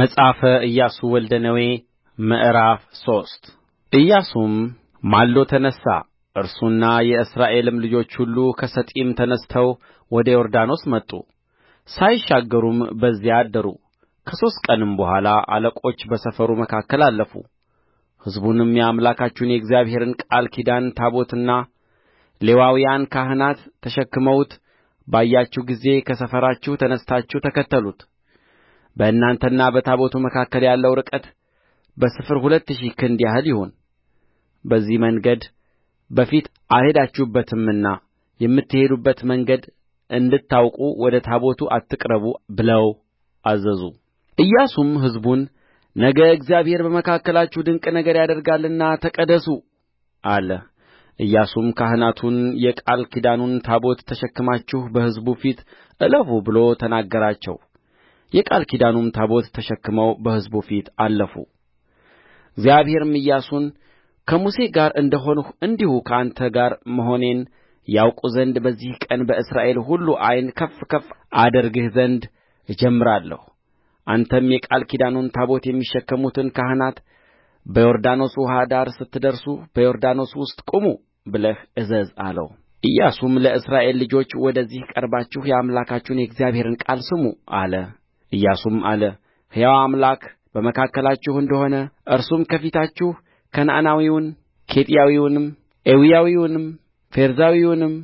መጽሐፈ ኢያሱ ወልደ ነዌ ምዕራፍ ሶስት ኢያሱም ማልዶ ተነሣ፣ እርሱና የእስራኤልም ልጆች ሁሉ ከሰጢም ተነሥተው ወደ ዮርዳኖስ መጡ፣ ሳይሻገሩም በዚያ አደሩ። ከሦስት ቀንም በኋላ አለቆች በሰፈሩ መካከል አለፉ። ሕዝቡንም የአምላካችሁን የእግዚአብሔርን ቃል ኪዳን ታቦትና ሌዋውያን ካህናት ተሸክመውት ባያችሁ ጊዜ ከሰፈራችሁ ተነሥታችሁ ተከተሉት በእናንተና በታቦቱ መካከል ያለው ርቀት በስፍር ሁለት ሺህ ክንድ ያህል ይሁን በዚህ መንገድ በፊት አልሄዳችሁበትምና የምትሄዱበት መንገድ እንድታውቁ ወደ ታቦቱ አትቅረቡ ብለው አዘዙ ኢያሱም ሕዝቡን ነገ እግዚአብሔር በመካከላችሁ ድንቅ ነገር ያደርጋልና ተቀደሱ አለ ኢያሱም ካህናቱን የቃል ኪዳኑን ታቦት ተሸክማችሁ በሕዝቡ ፊት እለፉ ብሎ ተናገራቸው የቃል ኪዳኑንም ታቦት ተሸክመው በሕዝቡ ፊት አለፉ እግዚአብሔርም ኢያሱን ከሙሴ ጋር እንደ ሆንሁ እንዲሁ ከአንተ ጋር መሆኔን ያውቁ ዘንድ በዚህ ቀን በእስራኤል ሁሉ ዓይን ከፍ ከፍ አደርግህ ዘንድ እጀምራለሁ አንተም የቃል ኪዳኑን ታቦት የሚሸከሙትን ካህናት በዮርዳኖስ ውኃ ዳር ስትደርሱ በዮርዳኖስ ውስጥ ቁሙ ብለህ እዘዝ አለው። ኢያሱም ለእስራኤል ልጆች ወደዚህ ቀርባችሁ የአምላካችሁን የእግዚአብሔርን ቃል ስሙ አለ። ኢያሱም አለ ሕያው አምላክ በመካከላችሁ እንደ ሆነ እርሱም ከፊታችሁ ከነዓናዊውን ኬጢያዊውንም ኤዊያዊውንም ፌርዛዊውንም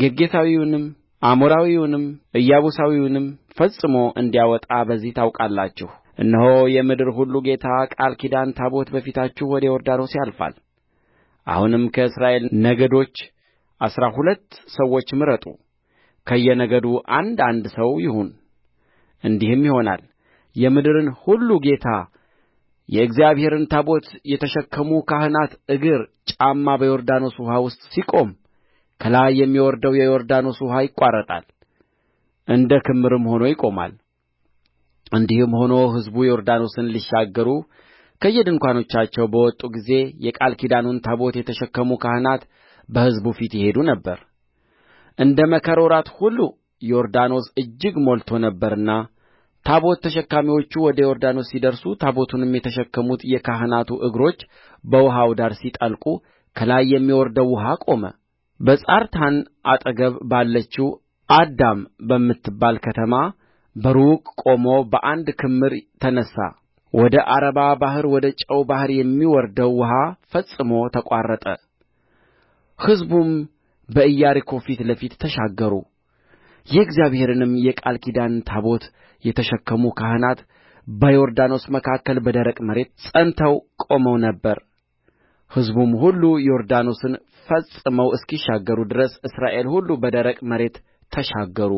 ጌርጌሳዊውንም አሞራዊውንም ኢያቡሳዊውንም ፈጽሞ እንዲያወጣ በዚህ ታውቃላችሁ እነሆ የምድር ሁሉ ጌታ ቃል ኪዳን ታቦት በፊታችሁ ወደ ዮርዳኖስ ያልፋል አሁንም ከእስራኤል ነገዶች አሥራ ሁለት ሰዎች ምረጡ ከየነገዱ አንድ አንድ ሰው ይሁን እንዲህም ይሆናል የምድርን ሁሉ ጌታ የእግዚአብሔርን ታቦት የተሸከሙ ካህናት እግር ጫማ በዮርዳኖስ ውኃ ውስጥ ሲቆም ከላይ የሚወርደው የዮርዳኖስ ውኃ ይቋረጣል፣ እንደ ክምርም ሆኖ ይቆማል። እንዲህም ሆኖ ሕዝቡ ዮርዳኖስን ሊሻገሩ ከየድንኳኖቻቸው በወጡ ጊዜ የቃል ኪዳኑን ታቦት የተሸከሙ ካህናት በሕዝቡ ፊት ይሄዱ ነበር። እንደ መከር ወራት ሁሉ ዮርዳኖስ እጅግ ሞልቶ ነበርና ታቦት ተሸካሚዎቹ ወደ ዮርዳኖስ ሲደርሱ ታቦቱንም የተሸከሙት የካህናቱ እግሮች በውኃው ዳር ሲጠልቁ ከላይ የሚወርደው ውኃ ቆመ በጻርታን አጠገብ ባለችው አዳም በምትባል ከተማ በሩቅ ቆሞ በአንድ ክምር ተነሣ ወደ ዓረባ ባሕር ወደ ጨው ባሕር የሚወርደው ውኃ ፈጽሞ ተቋረጠ ሕዝቡም በኢያሪኮ ፊት ለፊት ተሻገሩ የእግዚአብሔርንም የቃል ኪዳን ታቦት የተሸከሙ ካህናት በዮርዳኖስ መካከል በደረቅ መሬት ጸንተው ቆመው ነበር ሕዝቡም ሁሉ ዮርዳኖስን ፈጽመው እስኪሻገሩ ድረስ እስራኤል ሁሉ በደረቅ መሬት ተሻገሩ